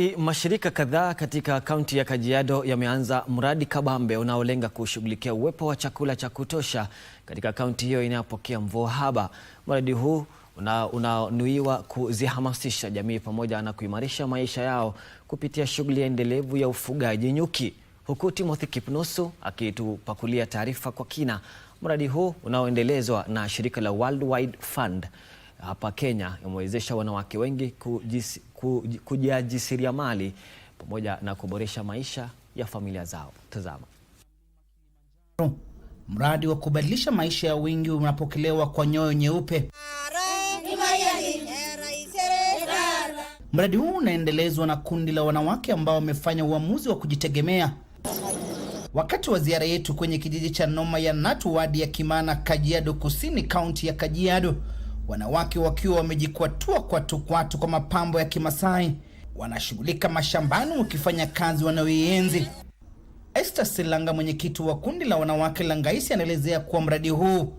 E, mashirika kadhaa katika kaunti ya Kajiado yameanza mradi kabambe unaolenga kushughulikia uwepo wa chakula cha kutosha katika kaunti hiyo inayopokea mvua haba. Mradi huu unanuiwa una kuzihamasisha jamii pamoja na kuimarisha maisha yao kupitia shughuli endelevu ya ufugaji nyuki. Huku Timothy Kipnusu akitupakulia taarifa kwa kina, mradi huu unaoendelezwa na shirika la World Wide Fund hapa Kenya imewezesha wanawake wengi mali pamoja na kuboresha maisha ya familia zao. Tazama. Mradi wa kubadilisha maisha ya wingi unapokelewa kwa nyoyo nyeupe. Mradi huu unaendelezwa na kundi la wanawake ambao wamefanya uamuzi wa kujitegemea. Wakati wa ziara yetu kwenye kijiji cha Noma ya Natu, wadi ya Kimana, Kajiado Kusini, kaunti ya Kajiado, wanawake wakiwa wamejikwatua kwatukwatu kwa mapambo ya Kimasai wanashughulika mashambani wakifanya kazi wanayoienzi. Esther Silanga, mwenyekiti wa kundi la wanawake la ngaisi anaelezea kuwa mradi huu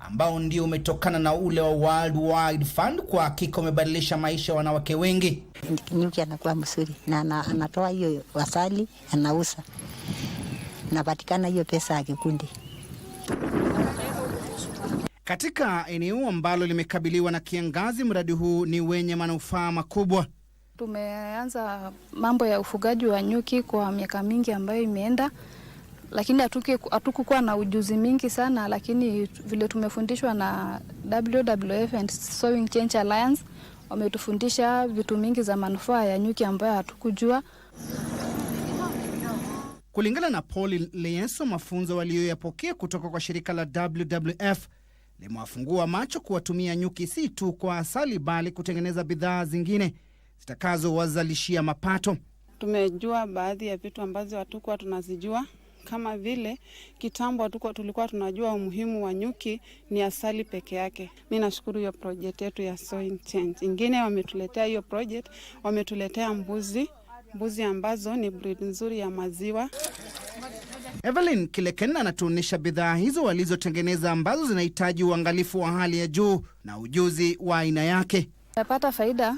ambao ndio umetokana na ule wa World Wide Fund kwa hakika umebadilisha maisha ya wanawake wengi. Nyuki anakuwa mzuri na anatoa hiyo wasali, anausa, napatikana hiyo pesa ya kikundi. Katika eneo ambalo limekabiliwa na kiangazi, mradi huu ni wenye manufaa makubwa. Tumeanza mambo ya ufugaji wa nyuki kwa miaka mingi ambayo imeenda, lakini hatukukuwa na ujuzi mingi sana, lakini vile tumefundishwa na WWF and Sowing Change Alliance wametufundisha vitu mingi za manufaa ya nyuki ambayo hatukujua. Kulingana na Paul Leyeso, mafunzo waliyoyapokea kutoka kwa shirika la WWF limewafungua macho kuwatumia nyuki si tu kwa asali bali kutengeneza bidhaa zingine zitakazowazalishia mapato. Tumejua baadhi ya vitu ambazo hatukuwa tunazijua kama vile kitambo tulikuwa tunajua umuhimu wa nyuki ni asali peke yake. Mi nashukuru hiyo projekt yetu ya Change. Ingine wametuletea hiyo projekt, wametuletea mbuzi, mbuzi ambazo ni breed nzuri ya maziwa. Evelyn Kileken anatuonyesha bidhaa hizo walizotengeneza ambazo zinahitaji uangalifu wa hali ya juu na ujuzi wa aina yake. Napata faida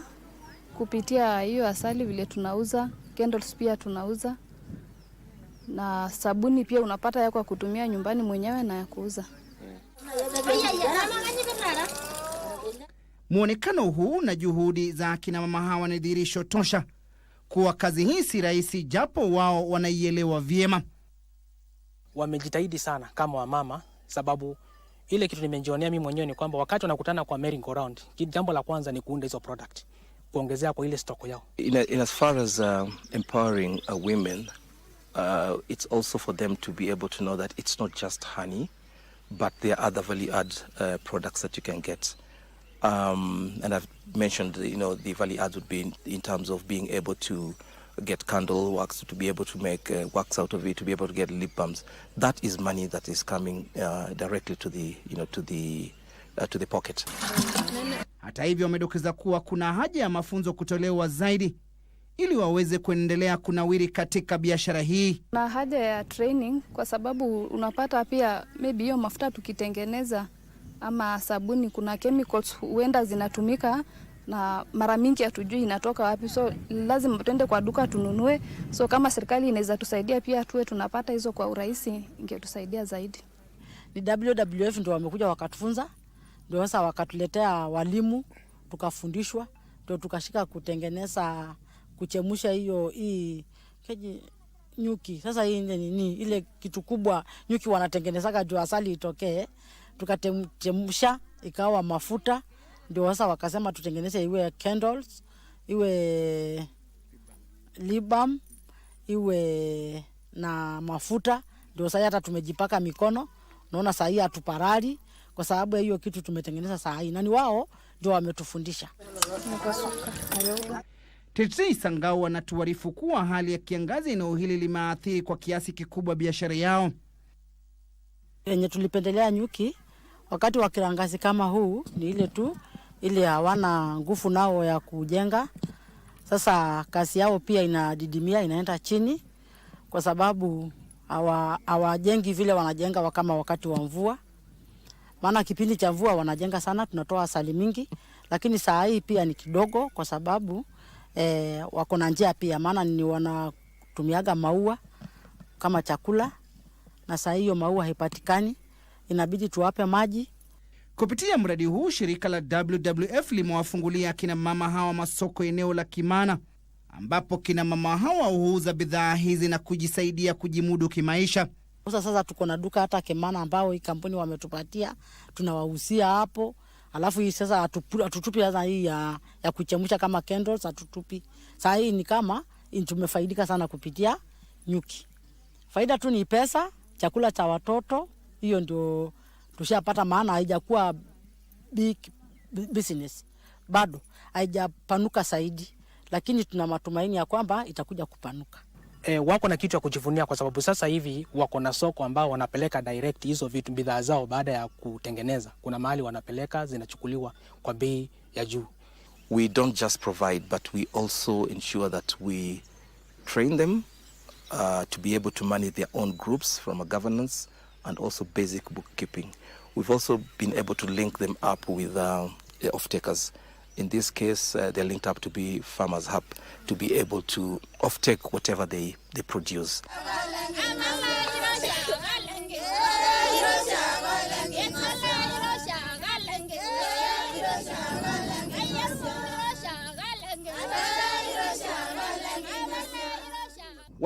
kupitia hiyo asali vile tunauza, candles pia tunauza na sabuni pia unapata ya kwa kutumia nyumbani mwenyewe na ya kuuza. Mwonekano huu na juhudi za akina mama hawa ni dhihirisho tosha kuwa kazi hii si rahisi, japo wao wanaielewa vyema wamejitahidi sana kama wamama, sababu ile kitu nimejionea mimi mwenyewe ni kwamba wakati wanakutana kwa merry go round, jambo la kwanza ni kuunda hizo product, kuongezea kwa ile stock yao. In, in as far as uh, empowering uh, women uh, it's also for them to be able to know that it's not just honey but there are other value add uh, products that you can get um, and I've mentioned you know the value add would be in, in terms of being able to get candle wax to be able to make uh, wax out of it to be able to get lip balms that is money that is coming uh, directly to the you know to the uh, to the pocket hata hivyo wamedokeza kuwa kuna haja ya mafunzo kutolewa zaidi ili waweze kuendelea kunawiri katika biashara hii. na haja ya training kwa sababu unapata pia maybe hiyo mafuta tukitengeneza ama sabuni, kuna chemicals huenda zinatumika na mara mingi hatujui inatoka wapi, so lazima tuende kwa duka tununue. So kama serikali inaweza tusaidia pia tuwe tunapata hizo kwa urahisi, ingetusaidia zaidi. Ni WWF ndio wamekuja wakatufunza, ndio sasa wakatuletea walimu tukafundishwa, ndio tukashika kutengeneza kuchemusha hiyo hii keji nyuki. Sasa hii nini ile kitu kubwa nyuki wanatengenezaga juu asali itokee, tukatemsha ikawa mafuta ndio sasa wakasema tutengeneze iwe candles, iwe libam, iwe na mafuta. Ndio sasa hata tumejipaka mikono, naona saa hii hatuparari kwa sababu ya hiyo kitu tumetengeneza saa hii, na ni wao ndio wametufundisha. Tetsi Sangao wanatuarifu kuwa hali ya kiangazi eneo hili limeathiri kwa kiasi kikubwa biashara yao. Yenye tulipendelea nyuki wakati wa kiangazi kama huu ni ile tu ili hawana nguvu nao ya kujenga. Sasa kazi yao pia inadidimia, inaenda chini kwa sababu hawajengi vile wanajenga kama wakati wa mvua. Maana kipindi cha mvua wanajenga sana, tunatoa asali mingi, lakini saa hii pia ni kidogo kwa sababu e, wako na njia pia, maana ni wanatumiaga maua kama chakula, na saa hiyo maua haipatikani, inabidi tuwape maji Kupitia mradi huu shirika la WWF limewafungulia kina hawa masoko eneo la Kimana, ambapo kinamama hawa huuza bidhaa hizi na kujisaidia kujimudu kimaisha. Sasa sasa tuko na duka hata Kimana ambao hii kampuni wametupatia, tunawahusia hapo. Alafu hii sasa hatutupi sasa hii ya, ya kuchemsha kama candles hatutupi. Saa hii ni kama tumefaidika sana kupitia nyuki. Faida tu ni pesa, chakula cha watoto, hiyo ndio tushapata, maana haijakuwa big business bado haijapanuka zaidi, lakini tuna matumaini ya kwamba itakuja kupanuka. E, wako na kitu ya kujivunia kwa sababu sasa hivi wako na soko ambao wanapeleka direct hizo vitu bidhaa zao baada ya kutengeneza. Kuna mahali wanapeleka zinachukuliwa kwa bei ya juu. We don't just provide but we also ensure that we train them uh, to be able to manage their own groups from a governance and also basic bookkeeping. We've also been able to link them up with uh, um, off takers. In this case, uh, they're linked up to be Farmers Hub to be able to off take whatever they, they produce.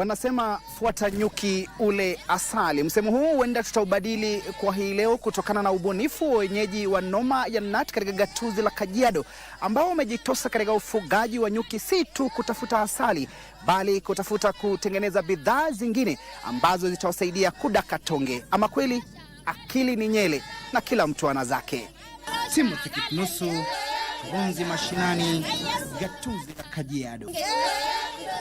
Wanasema fuata nyuki ule asali. Msemo huu huenda tutaubadili kwa hii leo kutokana na ubunifu wa wenyeji wa Noma ya Nat katika gatuzi la Kajiado ambao wamejitosa katika ufugaji wa nyuki, si tu kutafuta asali, bali kutafuta kutengeneza bidhaa zingine ambazo zitawasaidia kudaka tonge. Ama kweli akili ni nyele na kila mtu ana zake. Timothy Kitnusu, Kurunzi Mashinani, gatuzi la Kajiado.